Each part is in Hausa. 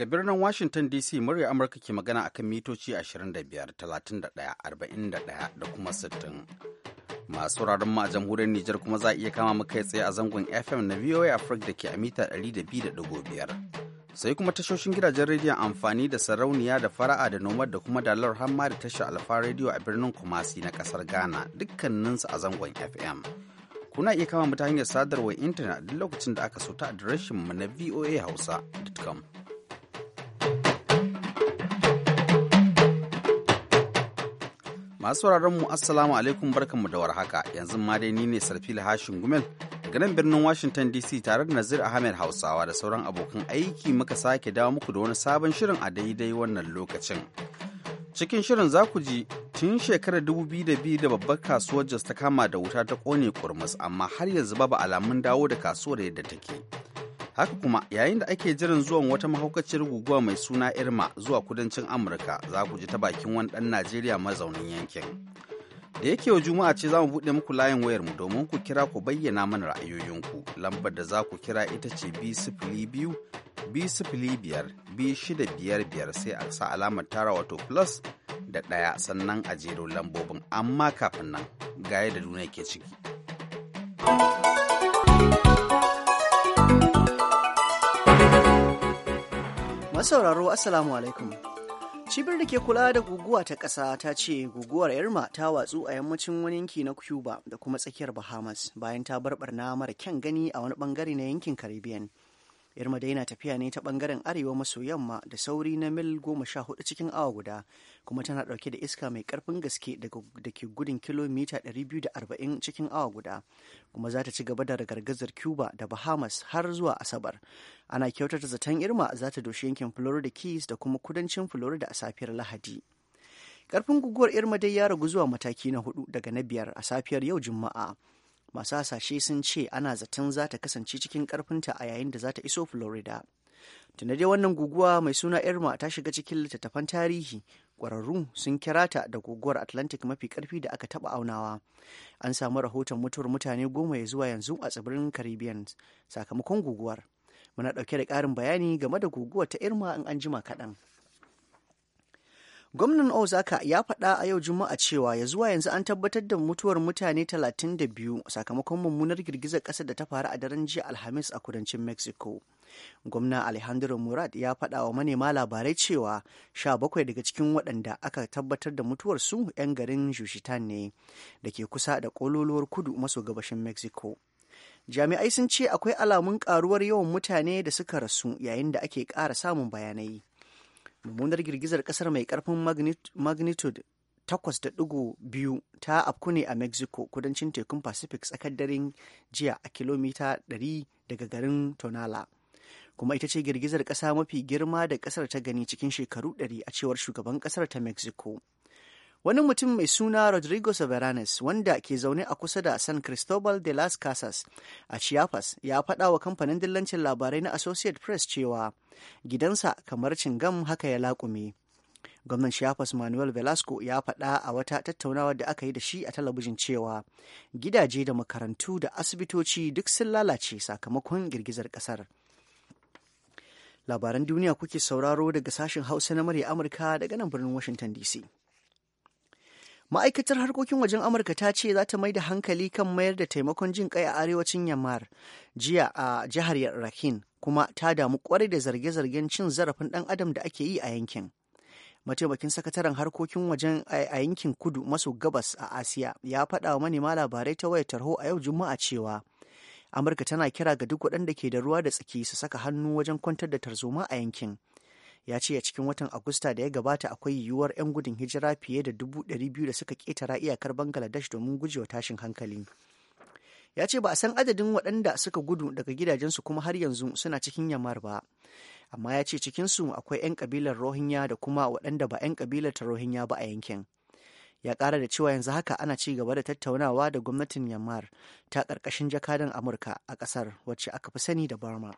Daga birnin Washington DC murya Amurka ke magana akan mitoci 25, 31, 41 da kuma 60. Masu wuraren ma a jamhuriyar Nijar kuma za a iya kama mu kai tsaye a zangon FM na VOA Africa da ke a mita 200.5. Sai kuma tashoshin gidajen rediyon amfani da sarauniya da fara'a da nomad da kuma dalar hamma da tashar alfa rediyo a birnin Kumasi na kasar Ghana dukkaninsu a zangon FM. Kuna iya kama mu hanyar sadarwar intanet duk lokacin da aka so ta adireshin mu na hausa.com Masu sauraron mu assalamu alaikum barkanmu da warhaka yanzu ma dai ni ne sarfil Hashin Gumel garin birnin Washington DC tare da Nazir Ahmed Hausawa da sauran abokan aiki muka sake dawo muku da wani sabon shirin a daidai wannan lokacin. Cikin shirin za ku ji tun shekarar dubu biyu da biyu da babbar kasuwar Jos ta kama da wuta ta kone kurmus amma har yanzu babu alamun dawo da kasuwar yadda take. haka kuma yayin da ake jiran zuwan wata mahaukaciyar guguwa mai suna irma zuwa kudancin amurka za ku ji ta bakin wani ɗan najeriya mazaunin yankin da yake wa juma'a ce za mu buɗe muku layin wayar mu domin ku kira ku bayyana mana ra'ayoyinku lambar da za ku kira ita ce b biyu b biyar b biyar biyar sai a sa alamar tara wato plus da ɗaya sannan a jero lambobin amma kafin nan ga da duniya ke ciki. Masauraro Assalamu alaikum. Cibiyar da ke kula da guguwa ta ƙasa ta ce guguwar Irma ta watsu a yammacin wani yanki na Cuba da kuma tsakiyar Bahamas bayan ta barbarna mara kyan gani a wani bangare na yankin Caribbean. irma da tafiya ne ta bangaren arewa maso yamma da sauri na mil goma sha hudu cikin awa guda kuma tana dauke da iska mai karfin gaske da ke gudun kilomita 240 cikin awa guda kuma za ta ci gaba da ragargazar cuba da bahamas har zuwa asabar ana kyautata zaton irma za ta doshi yankin florida keys da kuma kudancin florida a safiyar lahadi karfin guguwar irma dai ya ragu zuwa mataki na hudu daga na biyar a safiyar yau juma'a masu hasashe sun ce ana zaton za ta kasance cikin karfinta a yayin da za ta iso florida tunda dai wannan guguwa mai suna irma ta shiga cikin littattafan tarihi kwararru sun kira ta da guguwar atlantic mafi karfi da aka taba aunawa an samu rahoton mutuwar mutane goma ya zuwa yanzu a tsibirin caribbean sakamakon guguwar muna dauke da karin bayani game da guguwar ta irma in an jima kaɗan Gwamnan Ozaka ya faɗa a yau Juma'a cewa ya zuwa yanzu an tabbatar da mutuwar mutane 32 sakamakon mummunar girgizar ƙasa da ta faru a daren jiya Alhamis a kudancin Mexico. Gwamna Alejandro Murad ya faɗa wa manema labarai cewa 17 daga cikin waɗanda aka tabbatar da mutuwar su 'yan garin Jushitan ne da ke kusa da ƙololuwar kudu maso gabashin Mexico. Jami'ai sun ce akwai alamun ƙaruwar yawan mutane da suka rasu yayin da ake ƙara samun bayanai. mummunar girgizar kasar mai karfin magnitude 8.2 ta afku ne a mexico kudancin tekun pacific tsakar daren jiya a kilomita 100 daga garin tonala kuma ita ce girgizar kasa mafi girma da kasar ta gani cikin shekaru 100 a cewar shugaban kasar ta mexico wani mutum mai suna rodrigo severanes wanda ke zaune a kusa da san cristobal de las casas a chiapas ya faɗa wa kamfanin dillancin labarai na associate press cewa gidansa kamar cingam haka ya laƙume gwamnan chiapas manuel velasco ya faɗa a wata tattaunawa da aka yi da shi a talabijin cewa gidaje da makarantu da asibitoci duk sun lalace sakamakon girgizar ƙasar labaran duniya kuke sauraro daga sashen hausa na murya amurka daga nan birnin washington dc ma'aikatar harkokin wajen amurka ta ce za ta mai da hankali kan mayar da taimakon jin kai a arewacin Yamar jiya a jihar rakhine kuma ta damu kwarai da zarge-zargen cin zarafin dan adam da ake yi a yankin mataimakin sakataren harkokin wajen a yankin kudu maso gabas a asiya ya faɗa wa manema labarai ta wayar tarho a yau juma'a cewa amurka tana kira ga duk waɗanda ke da ruwa da tsaki su saka hannu wajen kwantar da tarzoma a yankin ya ce a cikin watan agusta da ya gabata akwai yiwuwar 'yan gudun hijira fiye da dubu biyu da suka ketara iyakar Bangaladesh domin gujewa tashin hankali ya ce ba a san adadin waɗanda suka gudu daga gidajensu kuma har yanzu suna cikin yamar ba amma ya ce cikinsu akwai 'yan kabilar rohingya da kuma waɗanda ba 'yan kabilar ta rohingya ba a yankin ya ƙara da cewa yanzu haka ana ci gaba da tattaunawa da gwamnatin Yamar ta ƙarƙashin jakadan amurka a ƙasar wacce aka fi sani da burma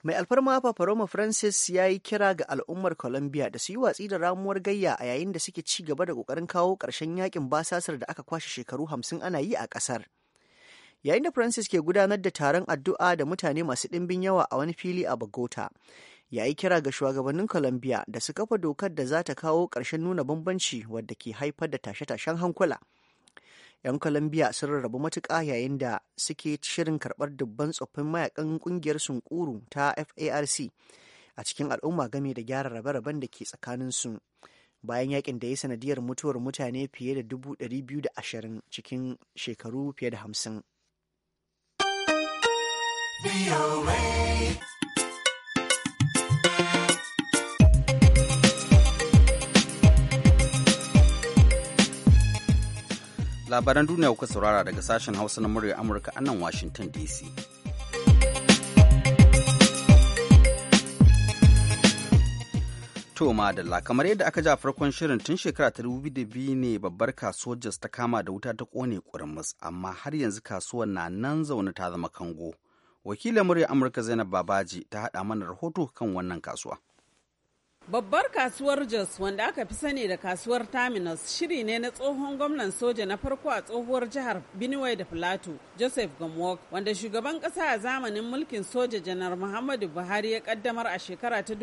mai alfarma papa roma francis ya yi kira ga al'ummar colombia da su yi watsi da ramuwar gayya a yayin da suke ci gaba da kokarin kawo ƙarshen yakin basasar da aka kwashe shekaru hamsin ana yi a ƙasar yayin da francis ke gudanar da taron addu'a da mutane masu ɗimbin yawa a wani fili a bogota ya yi kira ga shugabannin colombia da su kafa dokar da za ta kawo ƙarshen nuna bambanci wadda ke haifar da tashe-tashen hankula 'yan Colombia sun rarrabu matuƙa yayin da suke shirin karɓar dubban tsoffin mayakan ƙungiyar sunkuru ta FARC a cikin al'umma game da gyara rabe-raben da ke tsakanin su Bayan yakin da ya sanadiyar mutuwar mutane fiye da dubu ɗari biyu da ashirin cikin shekaru fiye da hamsin. labaran duniya kuka saurara daga sashen hausa na murya amurka a nan washington dc to madalla kamar yadda aka ja farkon shirin tun shekara ta biyu ne babbar kasuwar jos ta kama da wuta ta kone kurmus amma har yanzu kasuwar na nan zaune ta zama kango wakilin murya amurka zainab babaji ta haɗa mana rahoto kan wannan kasuwa Babbar kasuwar Jos wanda aka fi sani da kasuwar Terminus shiri ne na tsohon gwamnan soja na farko a tsohuwar jihar Benue da Filato Joseph Gomwok wanda shugaban kasa a zamanin mulkin soja janar Muhammadu Buhari ya kaddamar a shekara ta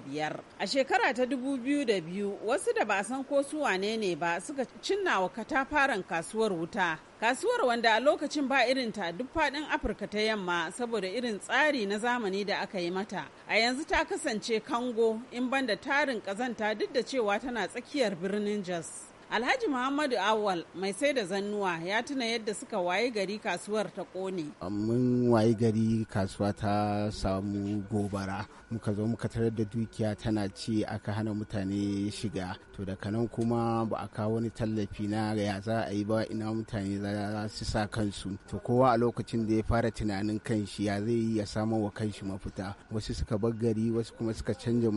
biyar. A shekara ta 2002 wasu da ba san ko su wane ne ba suka cinna wa katafaren kasuwar wuta Kasuwar wanda a lokacin ba irinta duk faɗin Afirka ta yamma saboda irin tsari na zamani da aka yi mata. A yanzu ta kasance kango in banda tarin ƙazanta duk da cewa tana tsakiyar birnin Jos. Alhaji Muhammadu Awal mai sai da zannuwa ya tuna yadda suka waye gari kasuwar ta kone. Mun waye gari kasuwa ta samu gobara muka zo muka tarar da dukiya tana ce aka hana mutane shiga to daga nan kuma ba a kawo wani tallafi na ya za a yi ba ina mutane za su sa kansu to kowa a lokacin da ya fara tunanin kanshi ya zai yi ya samu wa kanshi mafita wasu suka bar gari wasu kuma suka canja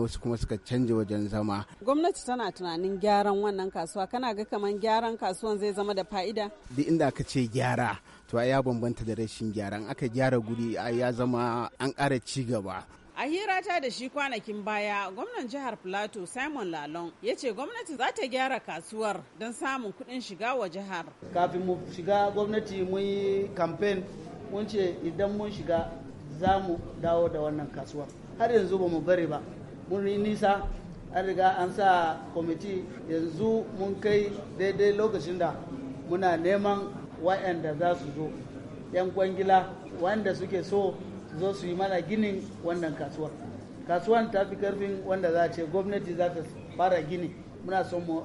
wasu kuma suka canja wajen zama. Gwamnati tana tunanin gyaran wannan kasuwa kana ga kamar gyaran kasuwan zai zama da fa'ida duk inda aka ce gyara to ya bambanta da rashin gyaran aka gyara guri ya zama an ƙara ci gaba A hira ta da shi kwanakin baya, gwamnan jihar Plateau Simon Lalong ya ce gwamnati za ta gyara kasuwar don samun kuɗin shiga wa jihar. Kafin mu shiga gwamnati mun yi kamfen mun ce idan mun shiga za mu dawo da wannan kasuwar. Har yanzu ba mu bari ba, mun nisa an riga an sa kwamiti yanzu mun kai daidai lokacin da muna neman wa'anda za su zo 'yan kwangila wanda suke so zo su yi mana ginin wannan kasuwar kasuwar ta fi karfin wanda za a ce gwamnati za ta fara gini muna son mu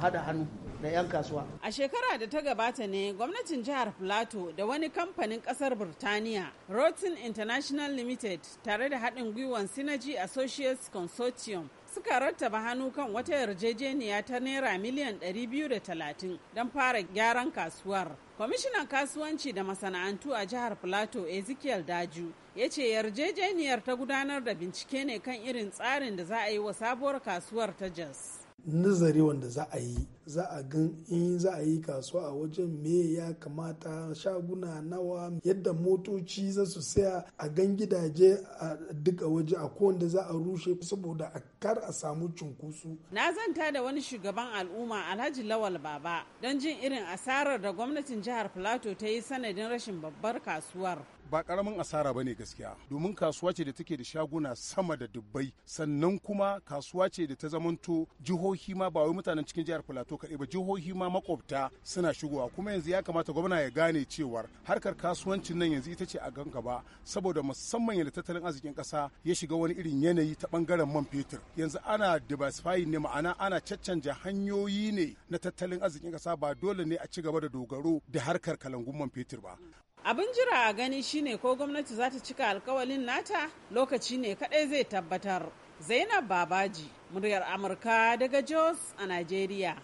haɗa hannu da 'yan kasuwa. A shekara da ta gabata ne gwamnatin jihar Plateau da wani kamfanin kasar Burtaniya, Rotin International Limited tare da haɗin gwiwan Synergy Associates Consortium suka rattaba hannu kan wata yarjejeniya ta naira miliyan 230 don fara gyaran kasuwar kwamishinan kasuwanci da masana'antu a jihar plateau ezekiel daju ya ce yarjejeniyar ta gudanar da bincike ne kan irin tsarin da za a yi wa sabuwar kasuwar ta jos nazari wanda za a yi za a gan in eh, za a yi kasuwa a wajen me ya kamata shaguna nawa yadda motoci za su saya a gan gidaje a duka waje a kowanda za a rushe saboda a kar a samu cunkusu. na zanta da wani shugaban al'umma alhaji lawal baba don jin irin asarar da gwamnatin jihar plateau ta yi sanadin rashin babbar kasuwar ba karamin asara bane gaskiya domin kasuwa ce da take da shaguna sama da dubbai sannan kuma kasuwa ce da ta zamanto jihohi ma ba wai mutanen cikin jihar Plateau kaɗai ba jihohi ma makwabta suna shigowa kuma yanzu ya kamata gwamna ya gane cewar harkar kasuwancin nan yanzu ita ce a gan gaba saboda musamman yadda tattalin arzikin ƙasa ya shiga wani irin yanayi ta bangaren man fetur yanzu ana diversifying ne ma'ana ana caccanja hanyoyi ne na tattalin arzikin ƙasa ba dole ne a ci gaba da dogaro da harkar kalangun man fetur ba abin jira a gani shine ko gwamnati za ta cika alkawalin nata lokaci ne kadai zai tabbatar zainab babaji muryar amurka daga jos a najeriya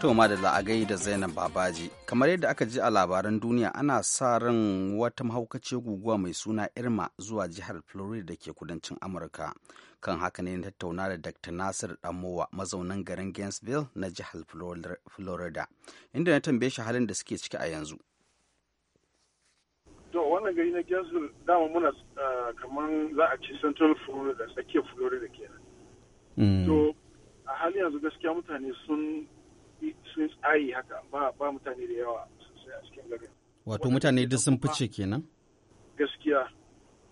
To da la'agai da Zainab Babaji, kamar yadda aka ji a labaran duniya ana sa ran wata mahaukaci guguwa mai suna Irma zuwa jihar Florida da ke kudancin Amurka. Kan haka ne tattauna da Dr. Nasir Damowa mazaunin garin Gainesville na jihar Florida, inda na tambaye shi halin da suke ciki a yanzu. To wannan gari na Gainesville dama muna ah, kamar za a ci Central Florida, tsakiyar Florida kenan. Mm. To a halin yanzu gaskiya mutane sun sun tsayi haka ba mutane da yawa sosai a cikin garin wato mutane duk sun fice kenan gaskiya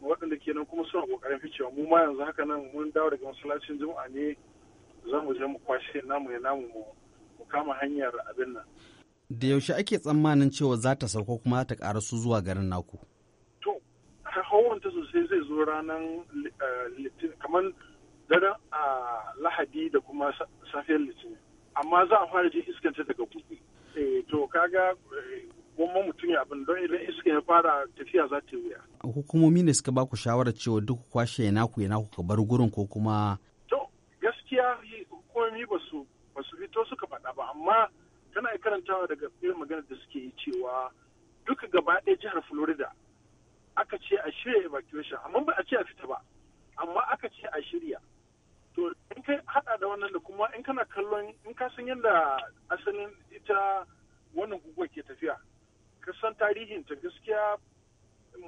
waɗanda kenan kuma suna kokarin ficewa mu ma yanzu haka nan mun dawo daga masallacin juma'a ne za mu je mu kwashe namu ya namu mu kama hanyar abin nan da yaushe ake tsammanin cewa za ta sauko kuma ta karasu zuwa garin naku to hawan ta sosai zai zo ranar eh, litinin kamar daren ah, lahadi da kuma safiyar litinin amma za a fara jin iskan ta daga kudu eh, to kaga goma eh, mutum ya abin don idan iska ya fara tafiya za ta wuya hukumomi ne suka baku shawarar cewa duk kwashe ya naku ya naku ka bar gurin ko kuma to gaskiya hukumomi ba su fito suka faɗa ba amma kana karantawa daga fiye magana da suke yi cewa duka gaba ɗaya jihar Florida aka ce a shirya evacuation amma ba a ce a fita ba amma aka ce a shirya ka haɗa da wannan da kuma in kana kallon in ka san yadda asalin ita wannan guguwa ke tafiya ka san tarihin ta gaskiya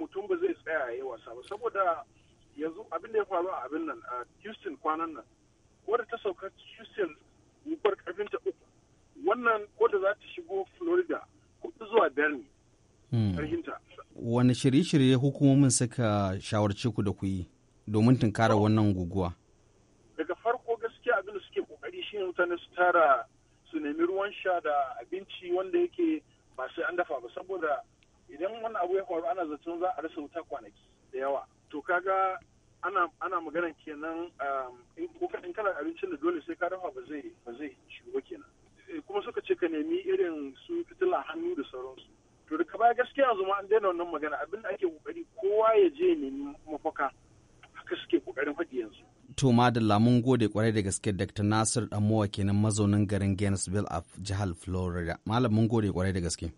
mutum ba zai tsaya yi wasa ba saboda yanzu abin da ya faru a abin nan a Houston kwanan nan wadda ta sauka Houston guguwar karfin ta uku wannan wadda za ta shigo Florida kudu zuwa berlin. Hmm. wani shirye-shirye hukumomin suka shawarci ku da ku yi domin tunkara wannan guguwa yin mutane su tara su nemi ruwan sha da abinci wanda yake ba sai an dafa ba saboda idan wani abu ya faru ana zaton za a rasa wuta kwanaki da yawa to kaga ana ana magana kenan um, in in kana abincin da dole sai ka dafa ba zai ba zai shigo kenan eh, kuma suka ce ka nemi irin su fitila hannu da sauransu to da baya gaskiya yanzu ma an daina wannan magana abin da ake kokari kowa ya je nemi mafaka haka suke kokarin faɗi yanzu To da mun gode kwarai da gaske Dr. Nasir Damuwa kenan mazaunin garin Gainesville a jihar Florida. Malam mun gode kwarai da gaske.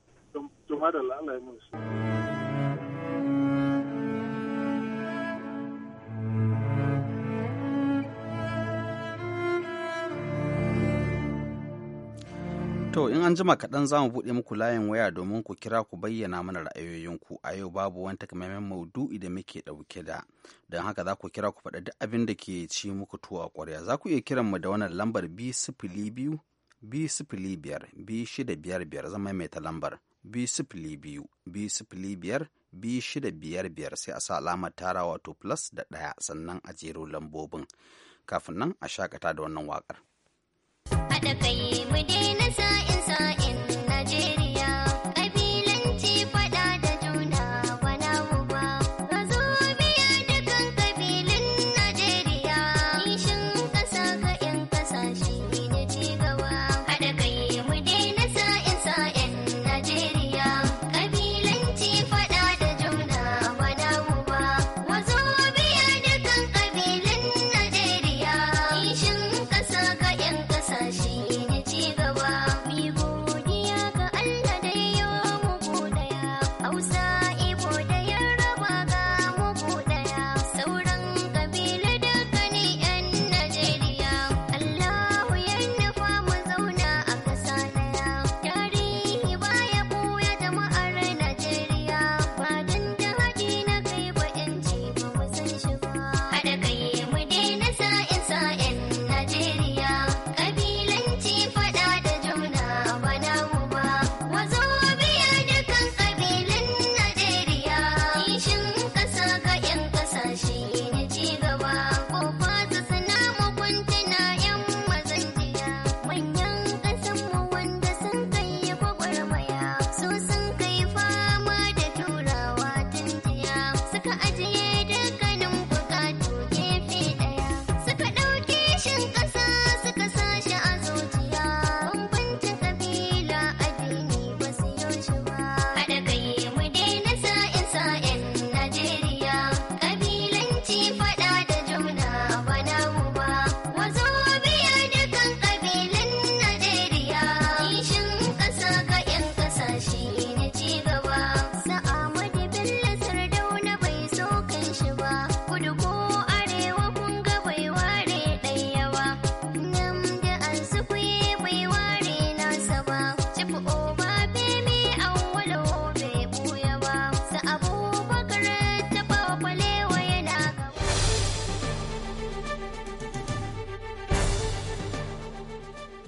To in an jima kaɗan za mu buɗe muku layin waya domin ku kira ku bayyana mana ra'ayoyinku a yau babu wani takamaiman maudu'i da muke ɗauke da don haka za ku kira ku faɗa duk abin da ke ci muku tuwa ƙwarya za ku iya kiran mu da wannan lambar b sifili biyu b sifili biyar b shida biyar biyar zan maimaita lambar b sifili biyu b sifili biyar b shida biyar biyar sai a sa alamar tara wato plus da ɗaya sannan a jero lambobin kafin nan a shakata da wannan waƙar. Haɗa kai mu daina sa'in sa'in Najeriya.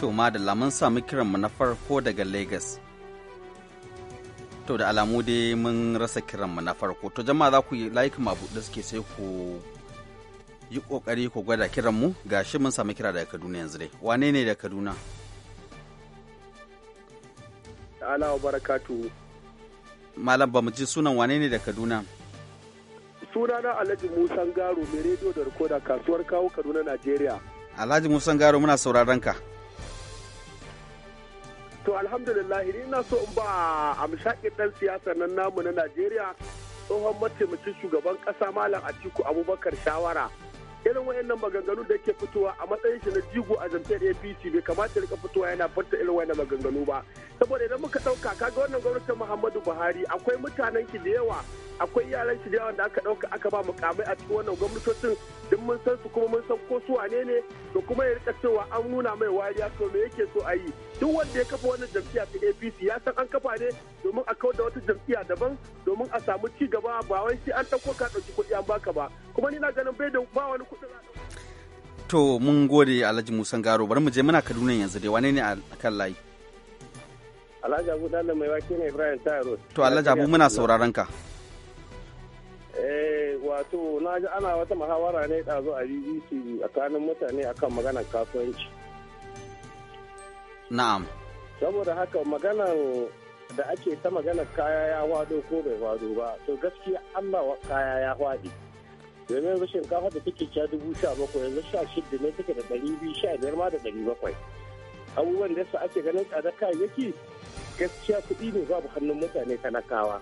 To da mun sami kiranmu na farko daga Lagos. To da alamu dai mun rasa kiranmu na farko. To jama'a za ku yi ma buɗe suke sai ku yi ƙoƙari ku gwada kiranmu ga shi mun sami kira daga Kaduna yanzu dai. Wane ne da Kaduna? Ala wa barakatu. Malam ba mu ji sunan wane ne da Kaduna? Sunana Alhaji Musan Garo mai rediyo da rikoda kasuwar kawo Kaduna Najeriya. Alhaji Musan Garo muna sauraron ka. To alhamdulillah ni na so in ba a mishakin dan siyasa nan namu na Najeriya tsohon mataimakin shugaban kasa Malam Atiku Abubakar shawara irin wayannan maganganu da ke fitowa a matsayin shi na jigo a jam'iyyar APC bai kamata rika fitowa yana furta irin wayannan maganganu ba saboda idan muka dauka kaga wannan gwamnatin Muhammadu Buhari akwai mutanen ki da yawa akwai yaran shi da yawa da aka dauka aka ba mukamai a cikin wannan gwamnatocin duk mun san su kuma mun san ko su wane ne to kuma ya rika cewa an nuna mai wariya to me yake so a yi duk wanda ya kafa wannan jam'iyya ta APC ya san an kafa ne domin a kawar da wata jam'iyya daban domin a samu ci gaba ba wai shi an dauko ka To mun gode Alhaji Musan Garo bari mu je muna Kaduna yanzu dai wane ne a kan layi? Alhaji Abu dalla mai wake ne Ibrahim Tayaro. To Alhaji Abu muna sauraron ka. Eh wato na ji ana wata muhawara ne ɗazu a BBC kanin mutane akan maganar kasuwanci. Na'am. Saboda haka maganar da ake ta maganar kaya ya wado ko bai wado ba to gaskiya Allah kaya ya wadi. domin yanzu shinkafa da take sha dubu sha bakwai yanzu sha shida ne take da ɗari biyu sha biyar ma da ɗari bakwai abubuwan da su ake ganin tsadar kayayyaki gaskiya kuɗi ne babu hannun mutane talakawa.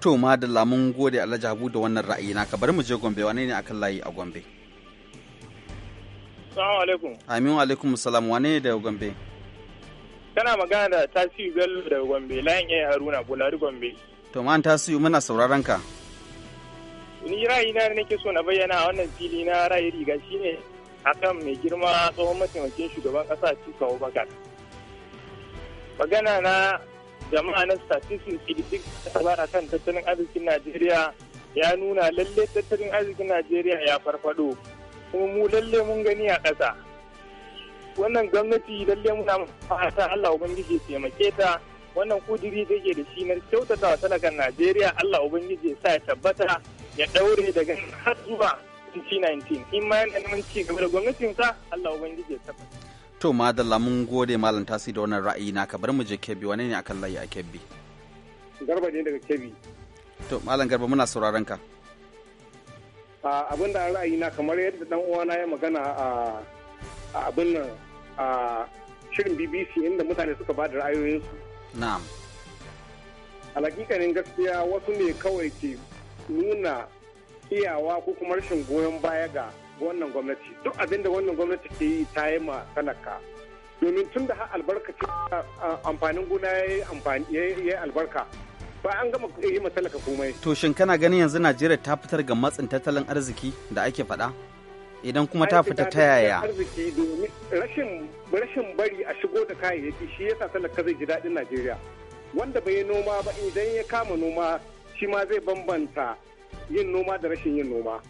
To ma da lamun gode Alhaji Habu da wannan ra'ayi ka bari mu je Gombe wane ne akan layi a Gombe? Assalamu alaikum. Amin wa alaikum salam wane ne da Gombe? Kana magana da tasiri Bello da Gombe layin yayi Haruna Bulari Gombe. To ma tasiri muna sauraron ka. ni ra'ayina da nake so na bayyana a wannan fili na ra'ayi riga shi shine akan mai girma tsohon mataimakin shugaban kasa Atiku Abubakar magana na jama'a na statistics statistics a kan tattalin arzikin Najeriya ya nuna lalle tattalin arzikin Najeriya ya farfado kuma mu lalle mun gani a ƙasa wannan gwamnati lalle muna fata Allah ubangiji taimake ta wannan kudiri da ke da shi na kyautata wa talakan Najeriya Allah ubangiji ya sa ya tabbata ya daure daga har zuwa 2019 in ma yana neman ci gaba da sa Allah ubangiji ya tabbata to madalla mun gode malam tasi da wannan ra'ayi naka bar mu je kebbi wane ne akan layi a kebbi garba ne daga kebbi to malam garba muna sauraron ka abin da ra'ayi na kamar yadda dan uwana ya magana a abin nan a shirin bbc inda mutane suka ba da ra'ayoyinsu na'am a gaskiya wasu ne kawai ke nuna iyawa ko kuma rashin goyon baya ga wannan gwamnati duk abin da wannan gwamnati ke yi ta yi ma talaka domin tun da har ce amfanin gona ya yi albarka ba an gama yi ma talaka komai. To shin kana ganin yanzu Najeriya ta fitar ga matsin tattalin arziki da ake faɗa? Idan kuma ta fita ta yaya? Rashin bari a shigo da kayayyaki shi yasa talaka zai ji daɗin Najeriya. Wanda bai noma ba idan ya kama noma shi ma zai bambanta yin noma da rashin yin noma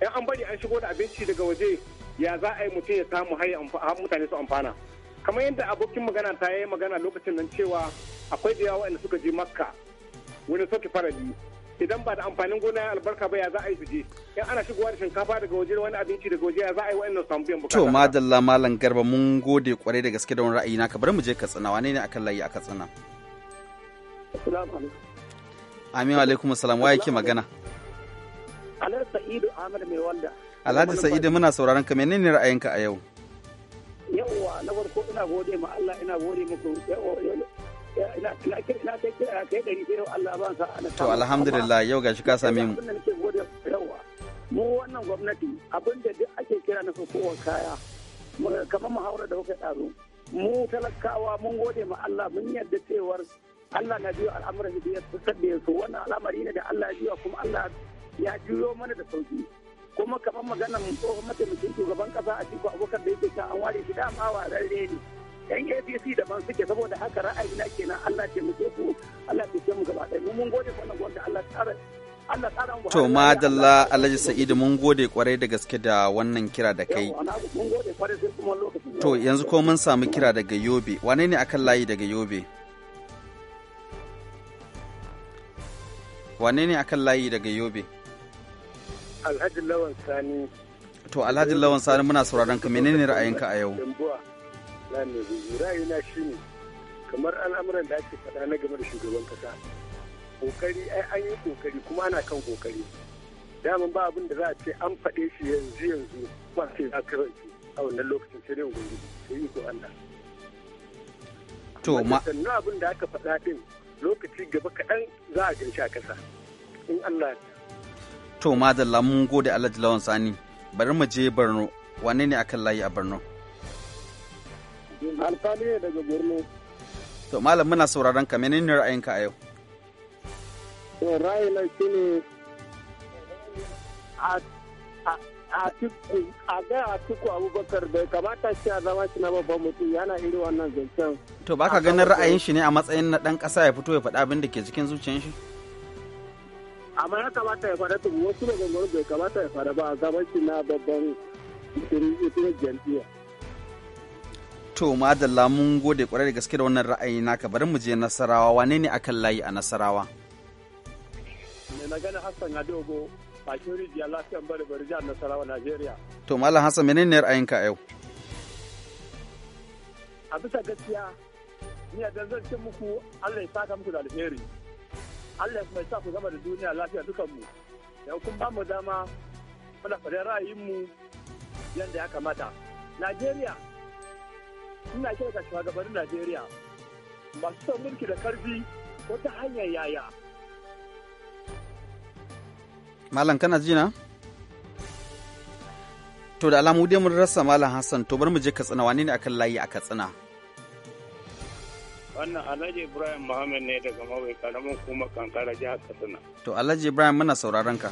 Yan an bari an shigo da abinci daga waje ya za a yi mutum ya samu har mutane su amfana kamar yadda abokin magana ta yi magana lokacin nan cewa akwai da yawa suka je makka wani soke farali idan ba da amfanin gona albarka ba ya za a yi suje Yan ana shigowa da shinkafa daga waje wani abinci daga waje ya za a yi wa'annan samu biyan bukata to madalla malam garba mun gode kwarai da gaske da wani ra'ayi naka bari mu je katsina wane ne akan layi a katsina assalamu Amin wa alaikum salam wa yake magana. Alhaji Sa'idu Ahmad mai wanda. Alhaji Sa'idu muna sauraron ka menene ra'ayinka a yau? Yawwa na farko ina gode ma Allah ina gode muku ina kai ɗari sai Allah ba sa ana To alhamdulillah yau gashi ka same mu. Mu wannan gwamnati abin da duk ake kira na kowa kaya kamar haura da kuka ɗaru. Mu talakawa mun gode ma Allah mun yadda cewar Allah na biyo al'amuran da ya fitar da su wannan al'amari ne da Allah ya biyo kuma Allah ya juyo mana da sauki kuma kamar maganar tsohon mataimakin shugaban kasa a cikin abokan da yake kan an ware shi dama wa rarre ne yan apc daban suke saboda haka ra'ayi na kenan allah taimake ku allah taimake mu gaba ɗaya mun gode wannan gwamnati allah tsara To madalla Alhaji Sa'idu mun gode kwarai da gaske da wannan kira da kai. To yanzu ko mun samu kira daga Yobe, wane ne akan layi daga Yobe? wane ne akan layi daga yobe alhaji lawan sani to alhaji lawan sani muna sauraron ka menene ra'ayinka a yau ra'ayina shi ne kamar al'amuran da ake faɗa na game da shugaban kasa kokari ai an yi kokari kuma ana kan kokari dama ba abin da za a ce an faɗe shi yanzu yanzu ba sai a ka rance a wannan lokacin sai dai ubangiji sai yi ko Allah to ma sannan abin da aka faɗa din lokaci gaba kaɗan za a ganshi a ƙasa in Allah to madalla mun gode Allah Lawan Sani bari mu je Borno wane ne akan layi a barno. alfani ne daga Borno to malam muna sauraron ka menene ra'ayinka a yau to ra'ayina shine a Atiku a ga Atiku Abubakar bai kamata shi a zama shi na babban mutum yana iri wannan zancen. To baka ganin ra'ayin shi ne a matsayin na ɗan ƙasa ya fito ya faɗa abin da ke cikin zuciyar shi? Amma ya kamata ya faɗa tun wasu da gangan bai kamata ya faɗa ba a zaman shi na babban mutum jam'iyya. To madalla mun gode kwarai da gaske da wannan ra'ayi naka bari mu je Nasarawa wane ne akan layi a Nasarawa? Mai magana Hassan bakin rijiya lafiyan bari bari jihar Nasarawa Najeriya. To Malam Hassan menene yau? A bisa gaskiya ni dan zan ce muku Allah ya saka muku da alheri. Allah kuma ya sa ku zama da duniya lafiya dukanmu. Da kun ba mu dama muna faɗin ra'ayinmu yadda ya kamata. Najeriya ina kira ga shugabannin Najeriya masu son mulki da karfi ko ta hanyar yaya Malam kana ji na? To da alamu dai mun rasa Malam Hassan to bar mu je Katsina wane ne akan layi a Katsina? Wannan Alhaji Ibrahim Muhammad ne daga Mawai karamin kuma kankara jihar Katsina. To Alhaji Ibrahim muna sauraron ka.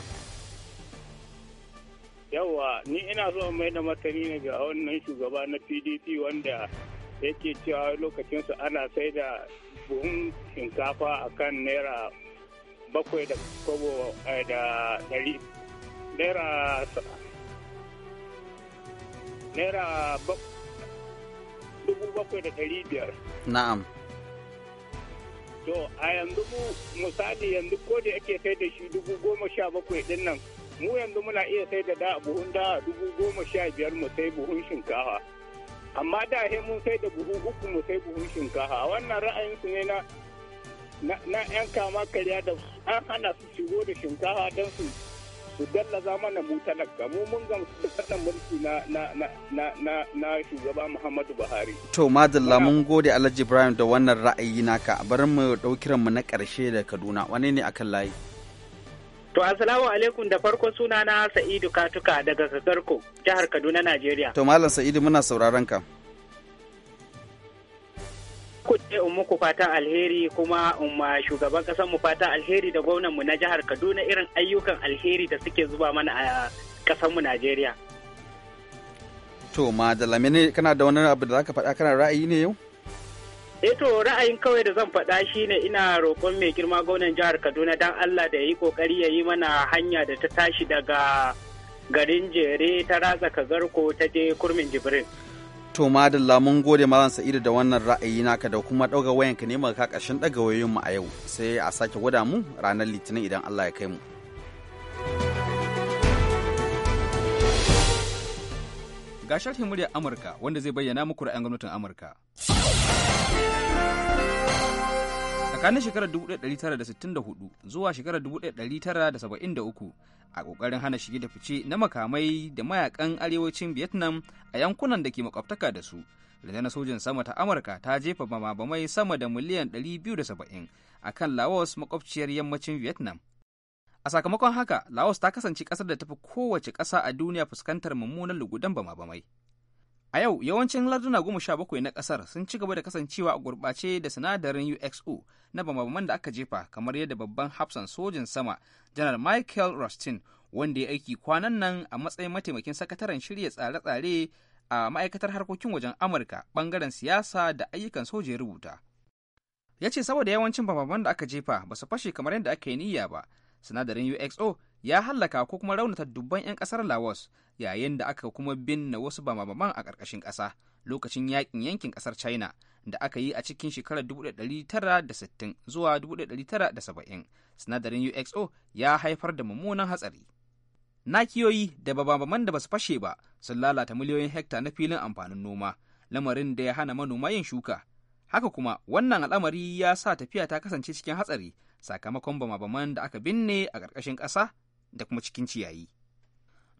Yawwa ni ina so mai da martani ne ga wannan shugaba na PDP wanda yake cewa lokacinsu ana sai da buhun shinkafa akan naira bakwai da kobo eh, da dari naira naira dubu bakwai da dari biyar na'am to a yanzu mu misali yanzu ko da yake sai da shi dubu goma sha bakwai din nan mu yanzu muna iya sai da da buhun da dubu goma sha biyar mu sai buhun shinkafa amma da he mun sai da buhu uku mu sai buhun shinkafa wannan ra'ayin su ne na na 'yan kama karya da an hana su shigo da shinkafa don su su dallaza mana mu talaka mu mun da mulki na na na na na shugaba Muhammadu Buhari to madalla mun gode Alhaji Ibrahim da wannan ra'ayi naka bari mu daukiran mu na karshe da Kaduna wane ne akan layi To assalamu alaikum da farko sunana Sa'idu Katuka daga kakarko jihar Kaduna Najeriya to malam Sa'idu muna sauraron ka kuɗe in muku fatan alheri kuma in ma shugaban ƙasar fatan alheri da gwamnan mu na jihar Kaduna irin ayyukan alheri da suke zuba mana a ƙasar mu Najeriya. To madalla mene kana da wani abu da zaka faɗa kana ra'ayi ne yau? Eh to ra'ayin kawai da zan faɗa shine ina roƙon mai girma gwamnan jihar Kaduna dan Allah da ya yi ƙoƙari ya yi mana hanya da ta tashi daga garin jere ta ratsa kagarko ta je kurmin jibrin. to madalla mun gode malam sa'idu da wannan ra'ayi naka da kuma ɗauga wayanka ne ka ƙarshen ɗaga mu a yau sai a sake gwada mu ranar litinin idan allah ya kai mu ga sharhin muryar amurka wanda zai bayyana muku ra'ayin gwamnatin amurka tsakanin shekarar 1964 zuwa shekarar 1973 a ƙoƙarin hana shige da fice na makamai da mayakan arewacin vietnam a yankunan da ke makwabtaka da su rundunar sojin sama ta amurka ta jefa bamabamai sama da miliyan 270 a kan laos makwabciyar yammacin vietnam a sakamakon haka laos ta kasance ƙasar da tafi kowace ƙasa a duniya fuskantar mummunan lugudan bamabamai A yau yawancin larduna goma sha bakwai na ƙasar sun ci gaba da kasancewa a gurɓace da sinadarin UXO na bamabaman da aka jefa kamar yadda babban hafsan sojin sama janar Michael Rustin wanda ya aiki kwanan nan a matsayin mataimakin sakataren shirya tsare-tsare a ma'aikatar harkokin wajen Amurka bangaren siyasa da ayyukan soja ya rubuta. Ya ce saboda yawancin bamabaman da aka jefa ba su fashe kamar yadda aka yi niyya ba sinadarin UXO ya hallaka ko kuma raunata dubban 'yan kasar Laos yayin da aka kuma binne wasu bamabaman a ƙarƙashin ƙasa lokacin yakin yankin ƙasar China da aka yi a cikin shekarar 1960 zuwa 1970. Sinadarin UXO ya haifar da mummunan hatsari. Nakiyoyi da bababaman da ba su fashe ba sun lalata miliyoyin hekta na filin amfanin noma, lamarin da ya hana manoma yin shuka. Haka kuma wannan al'amari ya sa tafiya ta kasance cikin hatsari sakamakon bamabaman da aka binne a ƙarƙashin ƙasa da kuma cikin ciyayi.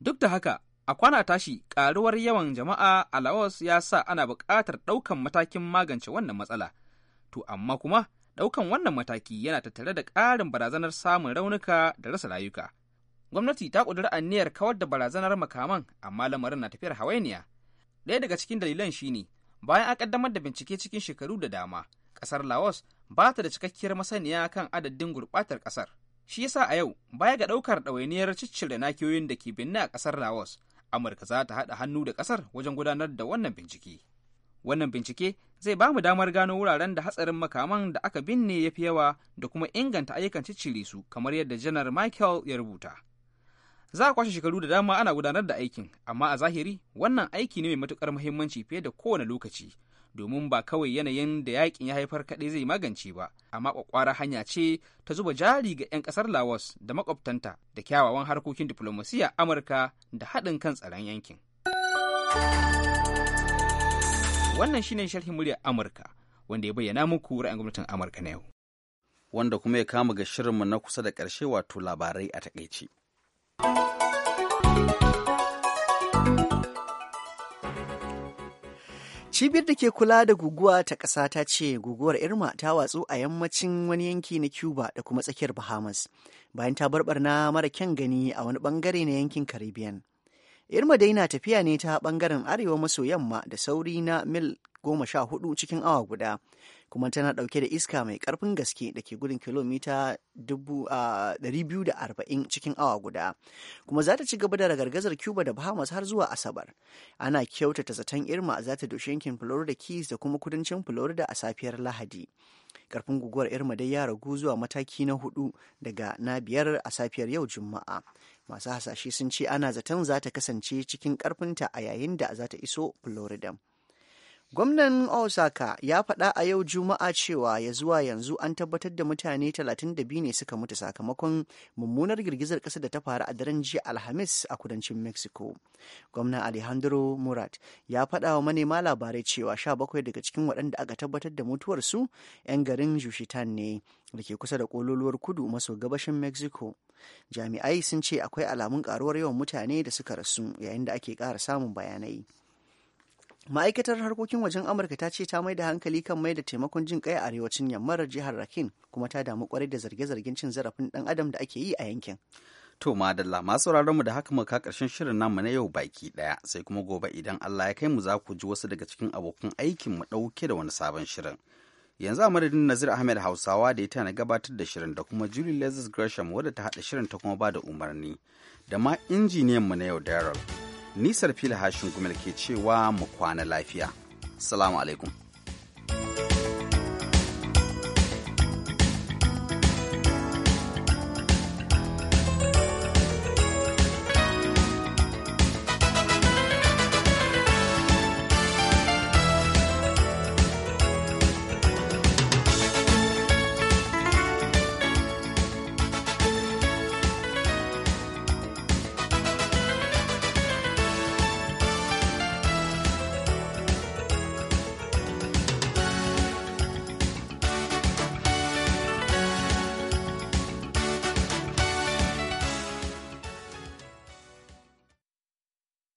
Duk da haka, a kwana tashi ƙaruwar yawan jama'a a Laos ya sa ana buƙatar ɗaukan matakin magance wannan matsala. To amma kuma ɗaukan wannan mataki yana tattare da ƙarin barazanar samun raunuka da rasa rayuka. Gwamnati ta ƙudiri anniyar kawar da barazanar makaman amma lamarin na tafiyar hawainiya. Ɗaya daga cikin dalilan shine bayan an ƙaddamar da bincike cikin shekaru da dama, ƙasar Laos ba ta da cikakkiyar masaniya kan adadin gurɓatar ƙasar. Shi yasa a yau, baya ga ɗaukar ɗawainiyar ciccire nakiyoyin da ke binne a ƙasar Laos, Amurka za ta haɗa hannu da ƙasar wajen gudanar da wannan bincike. Wannan bincike zai ba mu damar gano wuraren da hatsarin makaman da aka binne ya fi yawa da kuma inganta ayyukan ciccire su kamar yadda janar Michael ya rubuta. Za a kwashe shekaru da dama ana gudanar da aikin, amma a zahiri wannan aiki ne mai matuƙar muhimmanci fiye da kowane lokaci domin ba kawai yanayin da yakin ya haifar kaɗai zai magance ba amma ƙwaƙwara hanya ce ta zuba jari ga 'yan ƙasar laos da makwabtanta da kyawawan harkokin diflomasiyya amurka da haɗin kan tsaron yankin wannan shine sharhin muryar amurka wanda ya bayyana muku ra'ayin gwamnatin amurka na yau wanda kuma ya kama ga shirinmu na kusa da ƙarshe wato labarai a takaice. Cibiyar da ke kula da guguwa ta ƙasa ta ce guguwar Irma ta watsu a yammacin wani yanki na Cuba da kuma tsakiyar Bahamas, bayan ta barbarna mara kyan gani a wani bangare na yankin Caribbean. Irma dai na tafiya ne ta bangaren arewa maso yamma da sauri na mil goma sha hudu cikin awa guda, kuma tana dauke da iska mai karfin gaske da ke gudun kilomita 240 cikin awa guda kuma za ta ci gaba da ragargazar cuba da bahamas har zuwa asabar ana kyautata zaton irma za ta doshi yankin florida keys da kuma kudancin florida a safiyar lahadi karfin guguwar irma dai ya ragu zuwa mataki na hudu daga na biyar a safiyar yau juma'a masu hasashe sun ce ana zaton za ta kasance cikin karfinta a yayin da za ta iso florida Gwamnan Osaka ya faɗa a yau Juma'a cewa ya zuwa yanzu an tabbatar da mutane 32 ne suka mutu sakamakon mummunar girgizar ƙasa da ta faru a daren jiya Alhamis a kudancin Mexico. Gwamnan Alejandro Murat ya faɗa wa manema labarai cewa 17 daga cikin waɗanda aka tabbatar da mutuwarsu 'yan garin Jushitan ne da ke kusa da ƙololuwar kudu maso gabashin Mexico. Jami'ai sun ce akwai alamun ƙaruwar yawan mutane da suka rasu yayin da ake ƙara samun bayanai. ma'aikatar harkokin wajen amurka ta ce ta mai da hankali kan mai da taimakon jin kai a arewacin yammarar jihar rakin kuma ta damu kwarai da zarge-zargen cin zarafin dan adam da ake yi a yankin to madalla masu mu da haka muka karshen shirin namu na yau baki daya sai kuma gobe idan allah ya kai mu za ku ji wasu daga cikin abokan aikin mu dauke da wani sabon shirin yanzu a madadin nazir ahmed hausawa da ya tana gabatar da shirin da kuma julie lezis gresham wadda ta haɗa shirin ta kuma ba da umarni da ma injiniyan mu na yau daryl nisar lahashin hashin gumel ke cewa mu kwana lafiya salamu alaikum